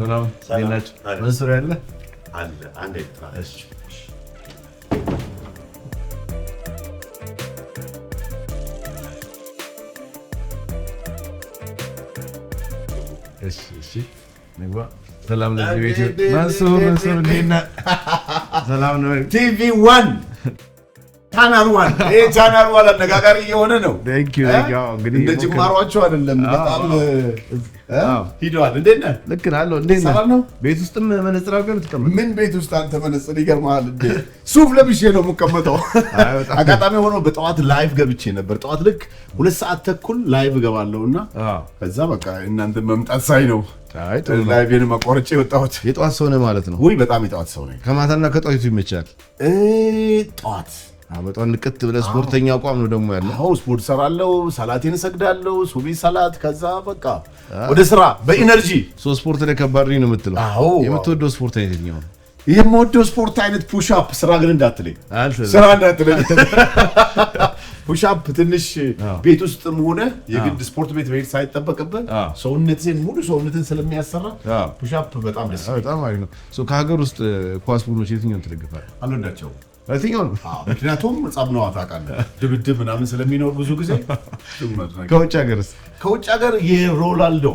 ሰላም ናቸው። መንሱር ያለ አንድ ኤርትራ ሰላም ለዚህ ቤት መንሱር ሰላም ነው ቲቪ ዋን ቻናሉ ማለት ይሄ ቻናሉ ማለት አነጋጋሪ እየሆነ ነው። እንደ ጅማሯቸው አይደለም። በጣም ሂደዋል። እንዴት ነህ? ልክ ነህ። እንዴት ነህ? ቤት ውስጥም መነጽር አድርገህ ነው የምትቀመጠው? ምን ቤት ውስጥ አንተ መነጽር ይገርምሃል። እንደ ሱፍ ለብሼ ነው የምቀመጠው። አጋጣሚ ሆኖ በጠዋት ላይቭ ገብቼ ነበር። ጠዋት ልክ ሁለት ሰዓት ተኩል ላይቭ እገባለሁ እና ከዛ በቃ እናንተ መምጣት ሳይ ነው ላይቬን ማቋረጫ የወጣሁት የጠዋት ሰው ነህ ማለት ነው? በጣም የጠዋት ሰው ነኝ። ከማታና ከጠዋቱ ይመቻል ጠዋት በጣም ንቅት ብለህ ስፖርተኛ አቋም ነው ደግሞ ያለ። አዎ ስፖርት ሰራለው፣ ሰላቴን ሰግዳለው፣ ሱቢ ሰላት፣ ከዛ በቃ ወደ ስራ በኢነርጂ ሶ ስፖርት ላይ ከባድ ነው የምትለው። አዎ የምትወደው ስፖርት አይነት ነው? የምወደው ስፖርት አይነት ፑሽ አፕ። ስራ ግን እንዳትለኝ፣ ስራ እንዳትለኝ። ፑሽ አፕ ትንሽ ቤት ውስጥ ሆነ የግድ ስፖርት ቤት መሄድ ሳይጠበቅብህ ሰውነትን ሙሉ ሰውነትን ስለሚያሰራ ፑሽ አፕ በጣም ደስ በጣም አሪፍ ነው። ከሀገር ውስጥ ኳስ ቡድኖች የትኛውን ትደግፋለህ? አልወዳቸውም ምክንያቱም ጸብ ነው ታውቃለህ፣ ድብድብ ምናምን ስለሚኖር ብዙ ጊዜ ከውጭ ሀገር ከውጭ ሀገር የሮናልዶ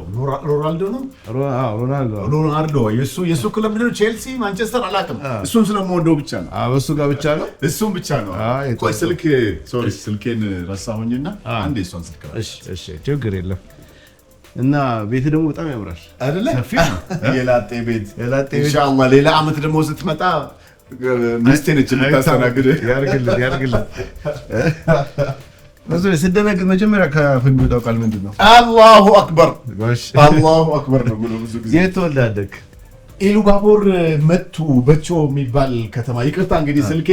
ሮናልዶ ነው ሮናልዶ የእሱ ክለብ ምንድን ነው ቼልሲ፣ ማንቸስተር አላውቅም። እሱን ስለምወደው ብቻ ነው እሱ ጋር ብቻ ነው እሱም ብቻ ነው። ቆይ ስልክ ሶሪ ስልኬን ረሳሁኝና አንዴ እሷን ስልክ ችግር የለም እና ቤት ደግሞ በጣም ያምራል አይደለ? የላጤ ቤት ኢንሻላህ ሌላ አመት ደግሞ ስትመጣ ሚስቴ ነች የምታስተናግድ። ያርግልን ያርግልን። ስደነግጥ መጀመሪያ ከፍሚወጣው ቃል ምንድን ነው? አላሁ አክበር አላሁ አክበር ነው። ብዙ ጊዜ የት ኢሉባቦር መቱ በቾ የሚባል ከተማ። ይቅርታ እንግዲህ ስልኬ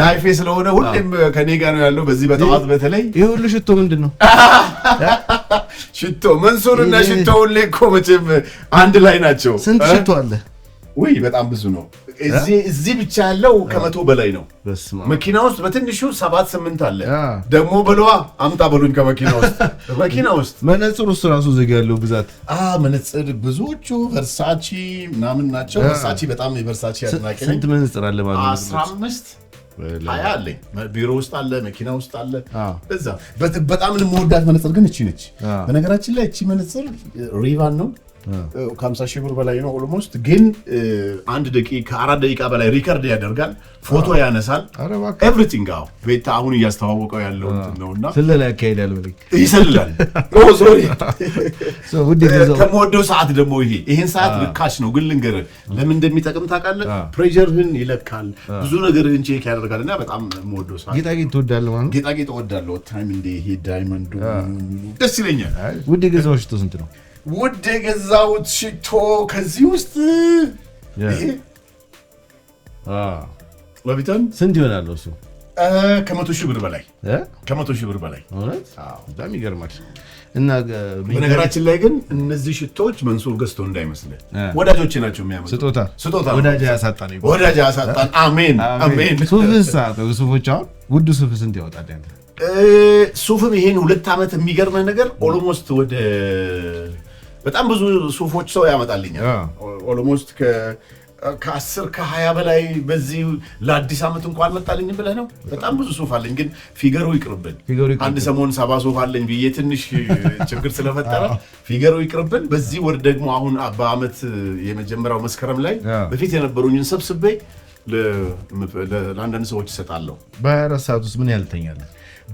ላይፌ ስለሆነ ሁሌም ከኔ ጋር ነው ያለው። በዚህ በጠዋት በተለይ ይህ ሁሉ ሽቶ ምንድን ነው? ሽቶ መንሱርና ሽቶ ሁሌ እኮ መቼም አንድ ላይ ናቸው። ስንት ሽቶ አለ? ውይ በጣም ብዙ ነው። እዚህ ብቻ ያለው ከመቶ በላይ ነው። መኪና ውስጥ በትንሹ ሰባት ስምንት አለ። ደግሞ በለዋ አምጣ በሉኝ ከመኪና ውስጥ መኪና ውስጥ መነጽር ውስጥ ራሱ ዜጋ ያለው ብዛት መነጽር ብዙዎቹ ቨርሳቺ ምናምን ናቸው። ቨርሳቺ በጣም የቨርሳቺ አድናቂ ነኝ። ስንት መነጽር አለ ማለት ነው? አስራ አምስት ሀያ አለኝ። ቢሮ ውስጥ አለ፣ መኪና ውስጥ አለ። በዛ በጣም የምወዳት መነጽር ግን እቺ ነች። በነገራችን ላይ እቺ መነጽር ሪቫን ነው ከ50 ሺህ ብር በላይ ነው ኦልሞስት። ግን አንድ ደቂቃ አራት ደቂቃ በላይ ሪከርድ ያደርጋል፣ ፎቶ ያነሳል፣ ኤቭሪቲንግ። አዎ ቤታ አሁን እያስተዋወቀው ያለው ነውና ስለላ ያካሄዳል፣ ይሰልላል። ሶሪ ከምወደው ሰዓት ደግሞ ይሄ ይህን ሰዓት ልካሽ ነው፣ ግን ልንገር ለምን እንደሚጠቅም ታውቃለህ? ፕሬዠርህን ይለካል፣ ብዙ ነገርህን ቼክ ያደርጋል። እና በጣም የምወደው ሰዓት። ጌጣጌጥ ትወዳለህ ማለት ጌጣጌጥ እወዳለሁ። ታይም እንደ ይሄ ዳይመንዱ ደስ ይለኛል። ውድ ገዛዎች ስንት ነው? ውድ የገዛሁት ሽቶ ከዚህ ውስጥ በቢተን ስንት ይሆናል? እሱ ከመቶ ሺህ ብር በላይ ከመቶ ሺህ ብር በላይ በጣም ይገርማል። እና በነገራችን ላይ ግን እነዚህ ሽቶዎች መንሱር ገዝቶ እንዳይመስልህ ወዳጆቼ ናቸው የሚያመጡት። ስጦታ ስጦታ ወዳጅ ያሳጣን ወዳጅ ያሳጣን። አሜን አሜን። ሱፍን ሱፎች አሁን ውድ ሱፍ ስንት ያወጣል? ሱፍም ይሄን ሁለት ዓመት የሚገርመ ነገር ኦልሞስት ወደ በጣም ብዙ ሱፎች ሰው ያመጣልኛል። ኦሎሞስት ከአስር ከሀያ በላይ በዚህ ለአዲስ ዓመት እንኳን መጣልኝ ብለህ ነው። በጣም ብዙ ሱፍ አለኝ፣ ግን ፊገሩ ይቅርብን። አንድ ሰሞን ሰባ ሱፍ አለኝ ብዬ ትንሽ ችግር ስለፈጠረ ፊገሩ ይቅርብን። በዚህ ወር ደግሞ አሁን በዓመት የመጀመሪያው መስከረም ላይ በፊት የነበሩኝን ሰብስቤ ለአንዳንድ ሰዎች ይሰጣለሁ። በአራት ሰዓት ውስጥ ምን ያህል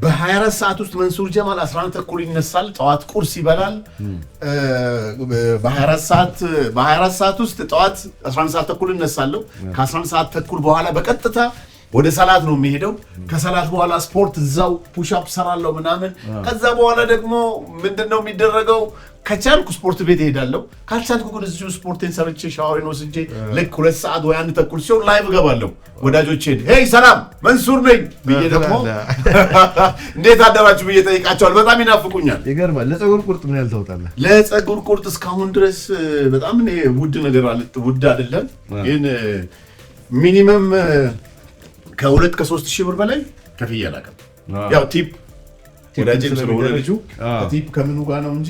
በ24 ሰዓት ውስጥ መንሱር ጀማል 11 ተኩል ይነሳል። ጠዋት ቁርስ ይበላል። hmm. በ24 ሰዓት ውስጥ ጠዋት 11 ሰዓት ተኩል እነሳለሁ። ከ11 ሰዓት ተኩል በኋላ በቀጥታ ወደ ሰላት ነው የሚሄደው። hmm. ከሰላት በኋላ ስፖርት እዛው አፕ ሰራለው ምናምን። ከዛ በኋላ ደግሞ ምንድን ነው የሚደረገው? ከቻልኩ ስፖርት ቤት እሄዳለሁ። ካልቻልኩ ግን እዚሁ ስፖርቴን ሰርቼ ሻወሬን ወስጄ ልክ ሁለት ሰዓት ወይ አንድ ተኩል ሲሆን ላይቭ እገባለሁ። ወዳጆቼን ሄይ ሰላም መንሱር ነኝ ብዬ ደግሞ እንዴት አደራችሁ ብዬ ጠይቃቸዋል። በጣም ይናፍቁኛል። ይገርማል። ለፀጉር ቁርጥ ምን ያህል ታውጣለህ? ለፀጉር ቁርጥ እስካሁን ድረስ በጣም ውድ ነገር ውድ አይደለም፣ ግን ሚኒመም ከሁለት ከሶስት ሺህ ብር በላይ ከፍዬ አላውቅም። ያው ቲፕ ወዳጅም ስለሆነ ልጁ ቲፕ ከምኑ ጋር ነው እንጂ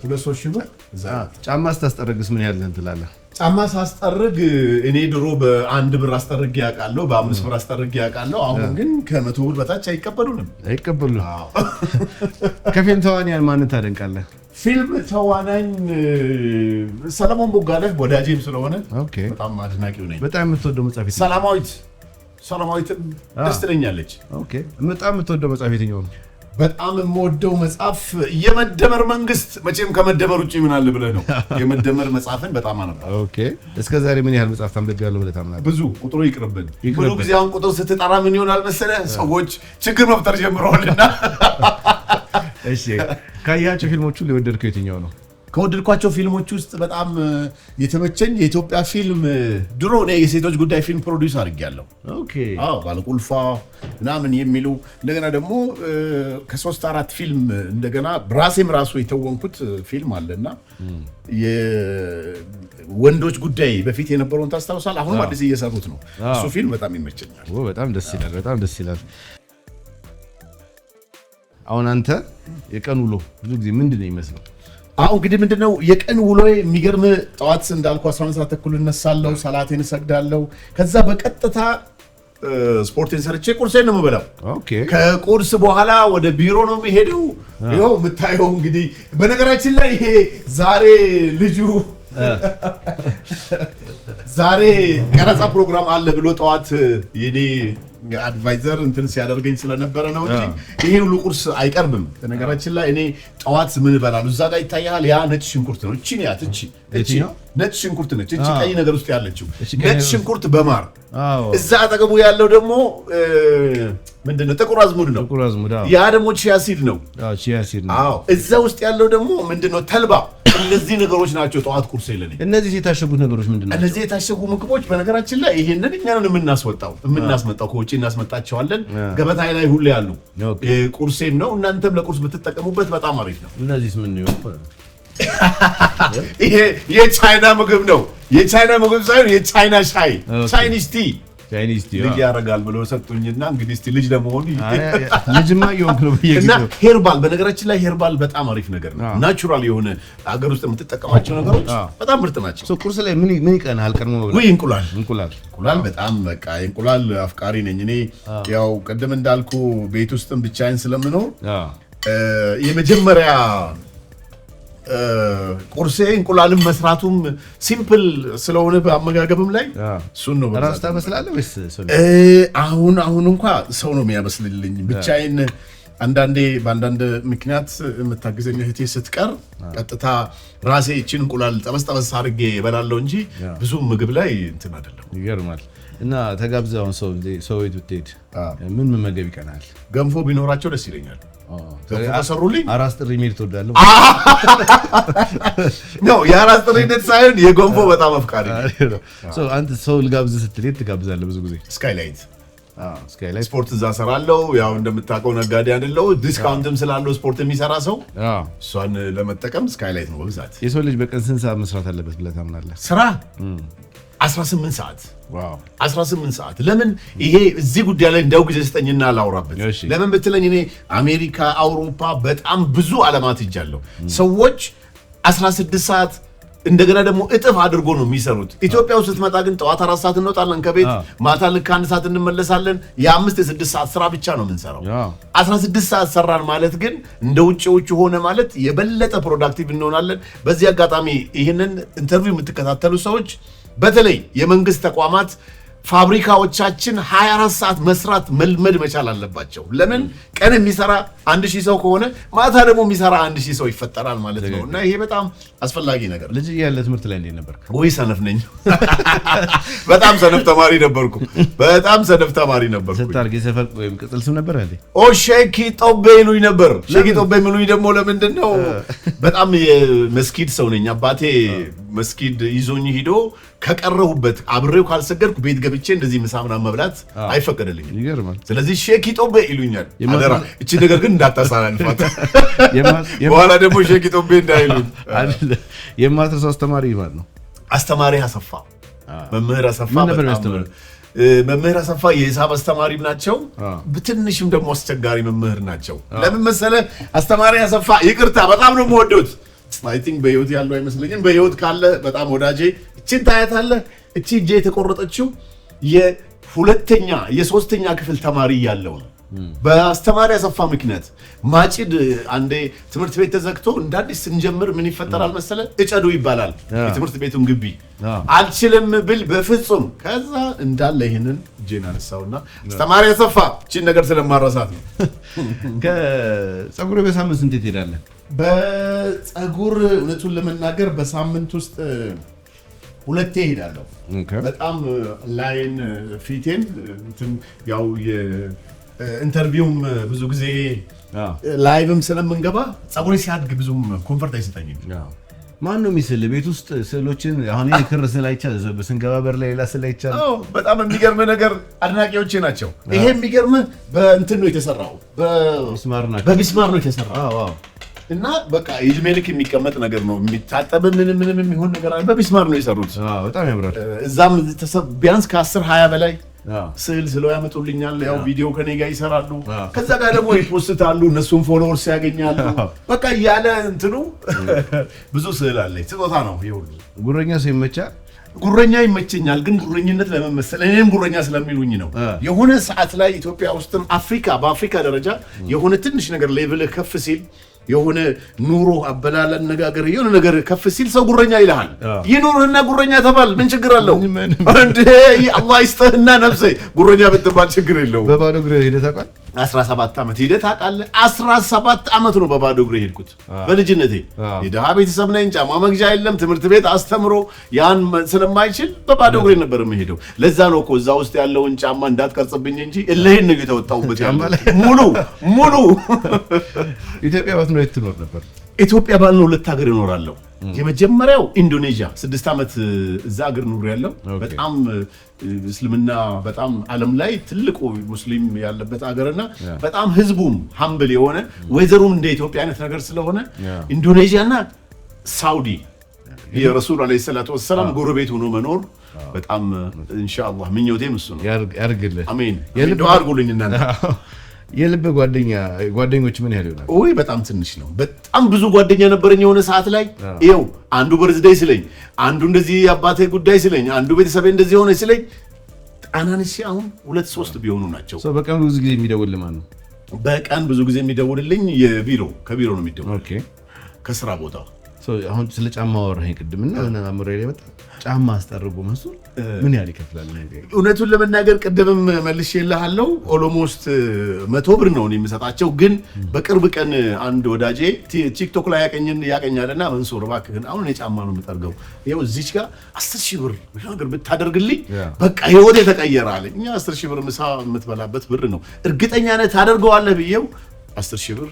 ሁለት ሶስት ሺህ ብር ጫማ ስታስጠርግስ ምን ያለን ትላለህ? ጫማ ሳስጠርግ እኔ ድሮ በአንድ ብር አስጠርግ ያውቃለሁ፣ በአምስት ብር አስጠርግ ያውቃለሁ። አሁን ግን ከመቶ ብር በታች አይቀበሉንም፣ አይቀበሉንም። ከፊልም ተዋንያን ማንን ታደንቃለህ? ፊልም ተዋናኝ ሰለሞን ቦጋለህ ወዳጄም ስለሆነ በጣም አድናቂው ነኝ። በጣም የምትወደው መጽሐፍ ሰላማዊት ሰላማዊት ደስ ትለኛለች። በጣም የምትወደው መጽሐፍ የትኛው ነው? በጣም የምወደው መጽሐፍ የመደመር መንግስት። መቼም ከመደመር ውጭ ምን አለ ብለህ ነው። የመደመር መጽሐፍን በጣም አነባለሁ። እስከ ዛሬ ምን ያህል መጽሐፍ ታንብቤያለሁ ብለህ ታምናለህ? ብዙ ቁጥሩ ይቅርብን። ብዙ ጊዜ አሁን ቁጥሩ ስትጠራ ምን ይሆናል መሰለህ፣ ሰዎች ችግር መፍጠር ጀምረዋልና። እሺ፣ ካያቸው ፊልሞቹ የወደድከው የትኛው ነው? ከወደድኳቸው ፊልሞች ውስጥ በጣም የተመቸኝ የኢትዮጵያ ፊልም ድሮ የሴቶች ጉዳይ ፊልም ፕሮዲውስ አድርጌያለሁ። ባለቁልፏ ምናምን የሚሉ እንደገና ደግሞ ከሶስት አራት ፊልም እንደገና ራሴም ራሱ የተወንኩት ፊልም አለና ወንዶች ጉዳይ በፊት የነበረውን ታስታውሳል። አሁንም አዲስ እየሰሩት ነው። እሱ ፊልም በጣም ይመቸኛል። በጣም ደስ ይላል። በጣም ደስ ይላል። አሁን አንተ የቀን ውሎ ብዙ ጊዜ ምንድን ነው ይመስለው? አሁን እንግዲህ ምንድነው የቀን ውሎዬ የሚገርም ጠዋት እንዳልኩ 11 ሰዓት ተኩል እነሳለሁ፣ ሰላቴን እሰግዳለሁ። ከዛ በቀጥታ ስፖርቴን ሰርቼ ቁርሴን ነው የምበላው። ከቁርስ በኋላ ወደ ቢሮ ነው የሚሄደው። ይኸው የምታየው እንግዲህ በነገራችን ላይ ይሄ ዛሬ ልጁ ዛሬ ቀረፃ ፕሮግራም አለ ብሎ ጠዋት የኔ አድቫይዘር እንትን ሲያደርገኝ ስለነበረ ነው እንጂ ይሄ ሁሉ ቁርስ አይቀርብም። በነገራችን ላይ እኔ ጠዋት ምን እበላለሁ እዛ ጋር ይታያል። ያ ነጭ ሽንኩርት ነው። እቺ ያት እቺ እቺ ነው ነጭ ሽንኩርት ነች። እ ቀይ ነገር ውስጥ ያለችው ነጭ ሽንኩርት በማር እዛ አጠገቡ ያለው ደግሞ ምንድን ነው? ጥቁር አዝሙድ ነው። ያ ደግሞ ቺያሲድ ነው። እዛ ውስጥ ያለው ደግሞ ምንድን ነው? ተልባ። እነዚህ ነገሮች ናቸው ጠዋት ቁርስ የለን። እነዚህ የታሸጉት ነገሮች ምንድን ነው? እነዚህ የታሸጉ ምግቦች በነገራችን ላይ ይሄንን እኛ ነን የምናስወጣው የምናስመጣው ከውጭ እናስመጣቸዋለን። ገበታ ላይ ሁሉ ያሉ ቁርሴን ነው። እናንተም ለቁርስ ብትጠቀሙበት በጣም አሪፍ ነው። እነዚህ ምን ይሄ የቻይና ምግብ ነው። የቻይና ምግብ ሳይሆን የቻይና ሻይ ቻይኒስ ቲ ቻይኒስ ቲ ልጅ ያደርጋል ብለው ሰጡኝና እንግዲህ እስቲ ልጅ ለመሆኑ ልጅማ እየሆንክ ነው እና ሄርባል፣ በነገራችን ላይ ሄርባል በጣም አሪፍ ነገር ነው። ናቹራል የሆነ ሀገር ውስጥ የምትጠቀማቸው ነገሮች በጣም ምርጥ ናቸው። ቁርስ ላይ ምን ምን ይቀናል? ቀድሞ ወይ እንቁላል እንቁላል እንቁላል በጣም በቃ እንቁላል አፍቃሪ ነኝ እኔ። ያው ቅድም እንዳልኩ ቤት ውስጥም ብቻዬን ስለምኖር የመጀመሪያ ቁርሴ እንቁላልም መስራቱም ሲምፕል ስለሆነ በአመጋገብም ላይ እሱን ነው ወይስ አሁን አሁን እንኳ ሰው ነው የሚያመስልልኝ ብቻዬን አንዳንዴ በአንዳንድ ምክንያት የምታግዘኝ እህቴ ስትቀር ቀጥታ ራሴ ይችን እንቁላል ጠበስ ጠበስ አድርጌ እበላለሁ እንጂ ብዙ ምግብ ላይ እንትን አይደለም ይገርማል እና ተጋብዘውን ሰው ሰው ቤት ብትሄድ ምን መመገብ ይቀናል? ገንፎ ቢኖራቸው ደስ ይለኛል። ሰሩልኝ አራስ ጥሪ ሜድ ነው? የአራስ ጥሪ ነት ሳይሆን የገንፎ በጣም አፍቃሪ አንተ ሰው ልጋብዝ ስትል የት ትጋብዛለህ? ብዙ ጊዜ ስካይላይት ስካይላይት ስፖርት እዛ ሰራለው። ያው እንደምታውቀው ነጋዴ አይደለው፣ ዲስካውንትም ስላለው ስፖርት የሚሰራ ሰው እሷን ለመጠቀም ስካይላይት ነው በብዛት። የሰው ልጅ በቀን ስንት ሰዓት መስራት አለበት ብለህ ታምናለህ? ስራ 18 ሰዓት 18 ሰዓት። ለምን ይሄ እዚህ ጉዳይ ላይ እንደው ጊዜ ስጠኝና ላውራበት። ለምን ብትለኝ እኔ አሜሪካ፣ አውሮፓ በጣም ብዙ አለማት እጃለሁ። ሰዎች 16 ሰዓት እንደገና ደግሞ እጥፍ አድርጎ ነው የሚሰሩት። ኢትዮጵያ ውስጥ ስትመጣ ግን ጠዋት አራት ሰዓት እንወጣለን ከቤት ማታ ልክ አንድ ሰዓት እንመለሳለን። የአምስት የስድስት ሰዓት ስራ ብቻ ነው የምንሰራው። 16 ሰዓት ሰራን ማለት ግን እንደ ውጭዎች ሆነ ማለት የበለጠ ፕሮዳክቲቭ እንሆናለን። በዚህ አጋጣሚ ይህንን ኢንተርቪው የምትከታተሉ ሰዎች በተለይ የመንግስት ተቋማት ፋብሪካዎቻችን 24 ሰዓት መስራት መልመድ መቻል አለባቸው። ለምን ቀን የሚሰራ አንድ ሺህ ሰው ከሆነ ማታ ደግሞ የሚሰራ አንድ ሺህ ሰው ይፈጠራል ማለት ነው። እና ይሄ በጣም አስፈላጊ ነገር። ልጅ ያለ ትምህርት ላይ እንዴት ነበር? ወይ ሰነፍ ነኝ። በጣም ሰነፍ ተማሪ ነበርኩ። በጣም ሰነፍ ተማሪ ነበርኩ። ስታርጌ ሰፈር ወይም ቅጽል ስም ነበር እንዴ? ኦ ሼኪ ጦቤ ይሉኝ ነበር። ሼኪ ጦቤ የሚሉኝ ደግሞ ለምንድን ነው? በጣም የመስኪድ ሰው ነኝ። አባቴ መስጊድ ይዞኝ ሂዶ ከቀረሁበት አብሬው ካልሰገድኩ ቤት ገብቼ እንደዚህ ምሳ መብላት አይፈቀደልኝም። ስለዚህ ሼክ ይጦቤ ይሉኛል። አደራ እቺ ነገር ግን እንዳታሳላልፋት፣ በኋላ ደግሞ ሼክ ጦቤ እንዳይሉን። የማትረሳው አስተማሪ ይባል ነው አስተማሪ አሰፋ መምህር አሰፋ መምህር አሰፋ የሂሳብ አስተማሪም ናቸው። ብትንሽም ደግሞ አስቸጋሪ መምህር ናቸው። ለምን መሰለ አስተማሪ አሰፋ ይቅርታ፣ በጣም ነው የምወደው አይ ቲንክ በህይወት ያለው አይመስለኝም። በህይወት ካለ በጣም ወዳጄ እችን ታያታለህ። እቺ እጄ የተቆረጠችው የሁለተኛ የሶስተኛ ክፍል ተማሪ እያለሁ ነው። በአስተማሪ አሰፋ ምክንያት ማጭድ አንዴ ትምህርት ቤት ተዘግቶ እንዳዲስ ስንጀምር ምን ይፈጠራል መሰለ፣ እጨዱ ይባላል የትምህርት ቤቱን ግቢ። አልችልም ብል በፍጹም ከዛ እንዳለ ይህንን እጄን አነሳውና አስተማሪ አሰፋ እቺን ነገር ስለማረሳት ነው። ከፀጉር ቤት ሳምንት እንዴት ሄዳለን በጸጉር እውነቱን ለመናገር በሳምንት ውስጥ ሁለቴ እሄዳለሁ። በጣም ላይን ፊቴን ያው ኢንተርቪውም ብዙ ጊዜ ላይቭም ስለምንገባ ጸጉሬ ሲያድግ ብዙም ኮንፈርት አይሰጠኝም። ማን ነው የሚስል ቤት ውስጥ ስዕሎችን አሁን ክር ስል አይቻል ስንገባ በር ላይ ሌላ ስል አይቻል። በጣም የሚገርም ነገር አድናቂዎቼ ናቸው። ይሄ የሚገርም በእንትን ነው የተሰራው፣ በሚስማር ነው የተሰራው እና በቃ የእድሜ የሚቀመጥ ነገር ነው። የሚታጠብ ምንም ምንም የሚሆን ነገር አለ። በሚስማር ነው የሰሩት። በጣም ያምራል። እዛም ቢያንስ ከአስር ሀያ በላይ ስዕል ስለው ያመጡልኛል። ያው ቪዲዮ ከኔ ጋር ይሰራሉ። ከዛ ጋር ደግሞ ይፖስታሉ። እነሱም ፎሎወርስ ያገኛሉ። በቃ እያለ እንትኑ ብዙ ስዕል አለኝ። ስጦታ ነው ይሁሉ። ጉረኛ ሲመቻ ጉረኛ ይመቸኛል፣ ግን ጉረኝነት ለመመሰል እኔም ጉረኛ ስለሚሉኝ ነው። የሆነ ሰዓት ላይ ኢትዮጵያ ውስጥም አፍሪካ በአፍሪካ ደረጃ የሆነ ትንሽ ነገር ሌቭልህ ከፍ ሲል የሆነ ኑሮ አበላል አነጋገር የሆነ ነገር ከፍ ሲል ሰው ጉረኛ ይልሃል። ይኑርህና ጉረኛ ተባል፣ ምን ችግር አለው? አላ ይስጥህና ነፍሴ ጉረኛ ብትባል ችግር የለው። በባዶ እግር ሂደህ ታውቃለህ? አስራ ዓመት ሂደህ ታውቃለህ? 17 ዓመት ነው በባዶ እግር ሄድኩት። በልጅነቴ የድሃ ቤተሰብ ነኝ፣ ጫማ መግዣ የለም፣ ትምህርት ቤት አስተምሮ ያን ስለማይችል በባዶ እግሬ ነበር የምሄደው። ለዛ ነው እኮ እዛ ውስጥ ያለውን ጫማ እንዳትቀርጽብኝ እንጂ እልህን ነው የተወጣሁበት። ሙሉ ሙሉ ኢትዮጵያ ነው ትኖር ነበር? ኢትዮጵያ ባልነው ሁለት ሀገር እኖራለሁ። የመጀመሪያው ኢንዶኔዥያ ስድስት ዓመት እዛ ሀገር ኑሮ ያለው በጣም እስልምና በጣም ዓለም ላይ ትልቁ ሙስሊም ያለበት ሀገርና በጣም ህዝቡም ሀምብል የሆነ ወይዘሩም እንደ ኢትዮጵያ አይነት ነገር ስለሆነ ኢንዶኔዥያና ሳውዲ የረሱል ዓለይሂ ሰላቱ ወሰላም ጎረቤት ሆኖ መኖር በጣም ኢንሻአላህ ምኞቴም እሱ ነው። ያርግልህ። አሜን። አድርጉልኝ እናንተ የልብ ጓደኛ ጓደኞች ምን ያህል ይሆናል? ወይ በጣም ትንሽ ነው። በጣም ብዙ ጓደኛ ነበረኝ የሆነ ሰዓት ላይ ይኸው አንዱ በርዝዳይ ስለኝ፣ አንዱ እንደዚህ የአባቴ ጉዳይ ስለኝ፣ አንዱ ቤተሰቤ እንደዚህ የሆነ ስለኝ አናንስ አሁን ሁለት ሶስት ቢሆኑ ናቸው። በቀን ብዙ ጊዜ የሚደውል ማን ነው? በቀን ብዙ ጊዜ የሚደውልልኝ የቢሮ ከቢሮ ነው የሚደውል ከስራ ቦታ አሁን ስለ ጫማ ወራኝ ቅድምና ምናምሬ ላይ መጣ ጫማ አስጠርጉ መሱ ምን ያህል ይከፍላል? እውነቱን ለመናገር ቅድምም መልሼ እልሃለሁ ኦሎሞስት መቶ ብር ነው የሚሰጣቸው። ግን በቅርብ ቀን አንድ ወዳጄ ቲክቶክ ላይ ያቀኝን ያቀኛል ያቀኛልና መንሱር እባክህን አሁን የጫማ ነው የምጠርገው ይኸው እዚች ጋር አስር ሺህ ብር ነገር ብታደርግልኝ በቃ ህይወት የተቀየረ አለ። እኛ አስር ሺህ ብር ምሳ የምትበላበት ብር ነው። እርግጠኛ ነህ ታደርገዋለህ ብዬው አስር ሺህ ብር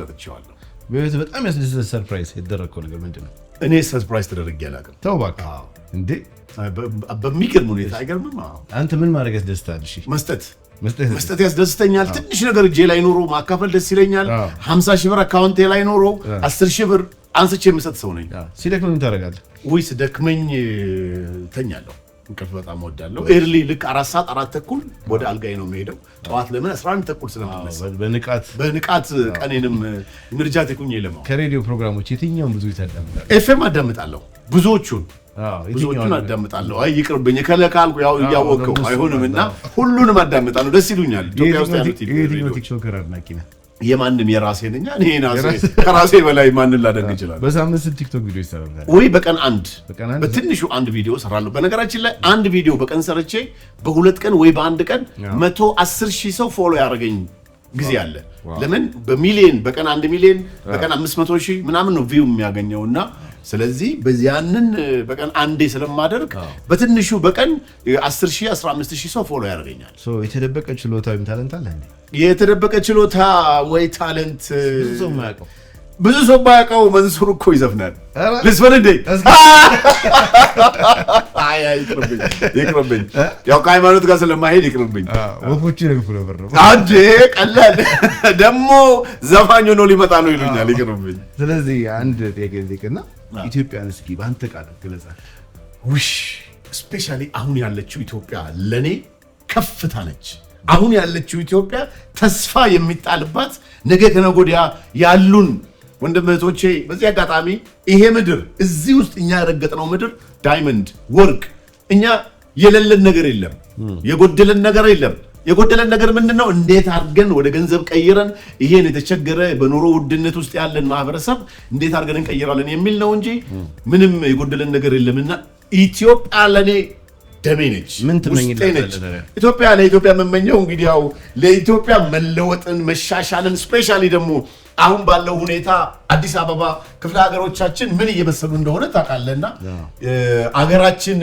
ሰጥቼዋለሁ። በህይወት በጣም ያስደስተ ሰርፕራይዝ የተደረግከው ነገር ምንድን ነው? እኔ ሰርፕራይዝ ተደረግ ያላቅም። ተው እባክህ እንዴ! በሚገርም ሁኔታ አይገርምም? አንተ ምን ማድረግ ያስደስታል? መስጠት መስጠት ያስደስተኛል። ትንሽ ነገር እጄ ላይ ኖሮ ማካፈል ደስ ይለኛል። ሀምሳ ሺህ ብር አካውንቴ ላይ ኖሮ አስር ሺህ ብር አንስቼ የምሰጥ ሰው ነኝ። ሲደክመኝ ታደርጋለህ ወይ? ስደክመኝ ተኛለሁ እንቅልፍ በጣም ወዳለሁ። ኤርሊ ልክ አራት ሰዓት አራት ተኩል ወደ አልጋይ ነው የሚሄደው። ጠዋት ለምን አስራ አንድ ተኩል ስለምነሳ በንቃት በንቃት ቀኔንም ኢነርጂቲክ ሆኜ ለማው ከሬዲዮ ፕሮግራሞች የትኛውን ብዙ ይታዳምጣል? ኤፍኤም አዳምጣለሁ፣ ብዙዎቹን ብዙዎቹን አዳምጣለሁ። አይ ይቅርብኝ ከለካልኩ ያው እያወቀው አይሆንም እና ሁሉንም አዳምጣለሁ። ደስ ይሉኛል። ኢትዮጵያ ውስጥ ያሉት የትኛው ቲክቶከር አድናቂ ነህ? የማንም የራሴ ነኝ። እኔ ከራሴ በላይ ማንን ላደንቅ ይችላል? በሳምንት ስንት ቲክቶክ ቪዲዮ ይሰራል ወይ? በቀን አንድ በትንሹ አንድ ቪዲዮ ሰራለሁ። በነገራችን ላይ አንድ ቪዲዮ በቀን ሰርቼ በሁለት ቀን ወይ በአንድ ቀን መቶ አስር ሺህ ሰው ፎሎ ያደረገኝ ጊዜ አለ። ለምን በሚሊየን በቀን አንድ ሚሊየን በቀን አምስት መቶ ሺህ ምናምን ነው ቪው የሚያገኘው እና ስለዚህ ያንን በቀን አንዴ ስለማደርግ በትንሹ በቀን 10 ሺህ 15 ሺህ ሰው ፎሎ ያደርገኛል። የተደበቀ ችሎታ ወይም ታለንት አለ። የተደበቀ ችሎታ ወይ ታለንት ብዙ ሰው ባያውቀው መንሱር እኮ ይዘፍናል። ልስፈን እንዴ? ይቅርብኝ። ያው ከሃይማኖት ጋር ስለማሄድ ይቅርብኝ። ወፎች ነግፉ ነበር ነው ቀላል ደግሞ ዘፋኝ ሆኖ ሊመጣ ነው ይሉኛል። ይቅርብኝ። ስለዚህ አንድ ጥያቄ ዜቅና ኢትዮጵያን እስኪ በአንተ ቃል ግለጻል። ውሽ ስፔሻሊ አሁን ያለችው ኢትዮጵያ ለእኔ ከፍታ ነች። አሁን ያለችው ኢትዮጵያ ተስፋ የሚጣልባት ነገ ከነገ ወዲያ ያሉን ወንድም እህቶቼ፣ በዚህ አጋጣሚ ይሄ ምድር እዚህ ውስጥ እኛ ያረገጥነው ምድር ዳይመንድ፣ ወርቅ እኛ የሌለን ነገር የለም፣ የጎደለን ነገር የለም። የጎደለን ነገር ምንድን ነው? እንዴት አድርገን ወደ ገንዘብ ቀይረን ይሄን የተቸገረ በኑሮ ውድነት ውስጥ ያለን ማህበረሰብ እንዴት አድርገን እንቀይራለን የሚል ነው እንጂ ምንም የጎደለን ነገር የለምና ኢትዮጵያ ለእኔ ደሜ ነች፣ ውስጤ ነች። ኢትዮጵያ ለኢትዮጵያ የምመኘው እንግዲህ ያው ለኢትዮጵያ መለወጥን፣ መሻሻልን ስፔሻሊ ደግሞ አሁን ባለው ሁኔታ አዲስ አበባ ክፍለ ሀገሮቻችን ምን እየመሰሉ እንደሆነ ታውቃለህ እና አገራችን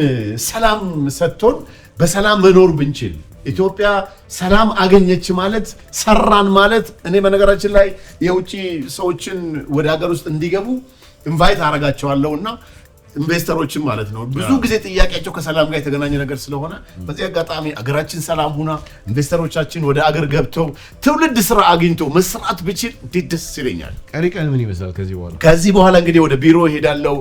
ሰላም ሰጥቶን በሰላም መኖር ብንችል ኢትዮጵያ ሰላም አገኘች ማለት ሰራን ማለት። እኔ በነገራችን ላይ የውጭ ሰዎችን ወደ ሀገር ውስጥ እንዲገቡ ኢንቫይት አረጋቸዋለሁ እና ኢንቨስተሮችን ማለት ነው። ብዙ ጊዜ ጥያቄያቸው ከሰላም ጋር የተገናኘ ነገር ስለሆነ በዚህ አጋጣሚ አገራችን ሰላም ሁና ኢንቨስተሮቻችን ወደ አገር ገብተው ትውልድ ስራ አግኝቶ መስራት ብችል እንዴት ደስ ይለኛል። ቀሪ ቀን ምን ይመስላል? ከዚህ በኋላ ከዚህ በኋላ እንግዲህ ወደ ቢሮ እሄዳለሁ።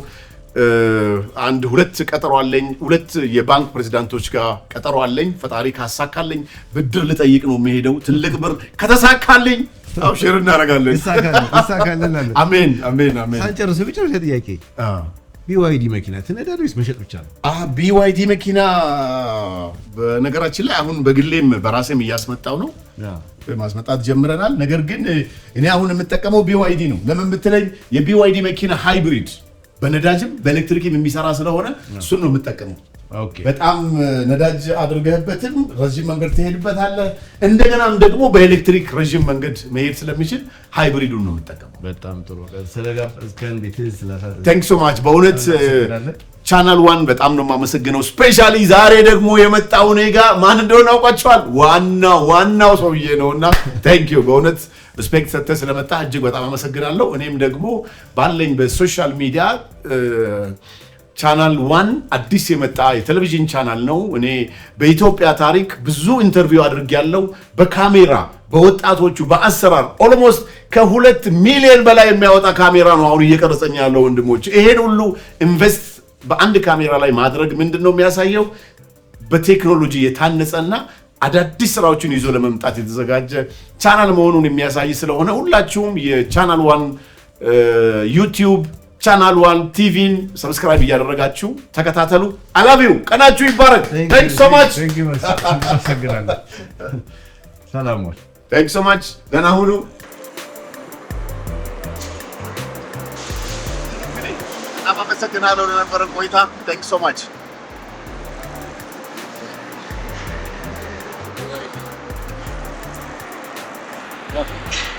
አንድ ሁለት ቀጠሮ አለኝ። ሁለት የባንክ ፕሬዚዳንቶች ጋር ቀጠሮ አለኝ። ፈጣሪ ካሳካልኝ ብድር ልጠይቅ ነው የሚሄደው። ትልቅ ብር ከተሳካልኝ አብሽር እናደርጋለን። አሜን አሜን አሜን። ሳንጨርስ ጥያቄ ቢዋይዲ መኪና ትነዳለህ ወይስ መሸጥ ብቻ ነው? ቢዋይዲ መኪና በነገራችን ላይ አሁን በግሌም በራሴም እያስመጣው ነው ማስመጣት ጀምረናል። ነገር ግን እኔ አሁን የምጠቀመው ቢዋይዲ ነው። ለምን ብትለኝ የቢዋይዲ መኪና ሃይብሪድ በነዳጅም በኤሌክትሪክም የሚሰራ ስለሆነ እሱን ነው የምጠቀመው። በጣም ነዳጅ አድርገህበትም ረዥም መንገድ ትሄድበታለህ። እንደገናም ደግሞ በኤሌክትሪክ ረዥም መንገድ መሄድ ስለሚችል ሃይብሪዱን ነው የምጠቀመው። በጣም ጥሩ ቴንክ ሶ ማች በእውነት ቻናል ዋን በጣም ነው የማመሰግነው። ስፔሻሊ ዛሬ ደግሞ የመጣው እኔ ጋ ማን እንደሆነ አውቋቸዋል። ዋና ዋናው ሰውዬ ነው እና ቴንክ ዩ በእውነት ሪስፔክት ሰጥተህ ስለመጣ እጅግ በጣም አመሰግናለሁ። እኔም ደግሞ ባለኝ በሶሻል ሚዲያ ቻናል ዋን አዲስ የመጣ የቴሌቪዥን ቻናል ነው። እኔ በኢትዮጵያ ታሪክ ብዙ ኢንተርቪው አድርጌያለሁ። በካሜራ በወጣቶቹ በአሰራር ኦልሞስት ከሁለት ሚሊዮን በላይ የሚያወጣ ካሜራ ነው አሁን እየቀረጸኝ ያለው ወንድሞች። ይሄን ሁሉ ኢንቨስት በአንድ ካሜራ ላይ ማድረግ ምንድን ነው የሚያሳየው? በቴክኖሎጂ የታነጸና አዳዲስ ስራዎችን ይዞ ለመምጣት የተዘጋጀ ቻናል መሆኑን የሚያሳይ ስለሆነ ሁላችሁም የቻናል ዋን ዩቲዩብ ቻናል ዋን ቲቪን ሰብስክራይብ እያደረጋችሁ ተከታተሉ። አላቢው ቀናችሁ ይባረክ። ታንክ ሶ ማች ሶ ማች። ደህና ሁኑ። አመሰግናለሁ ለነበረን ቆይታ። ታንክ ሶ ማች Welcome.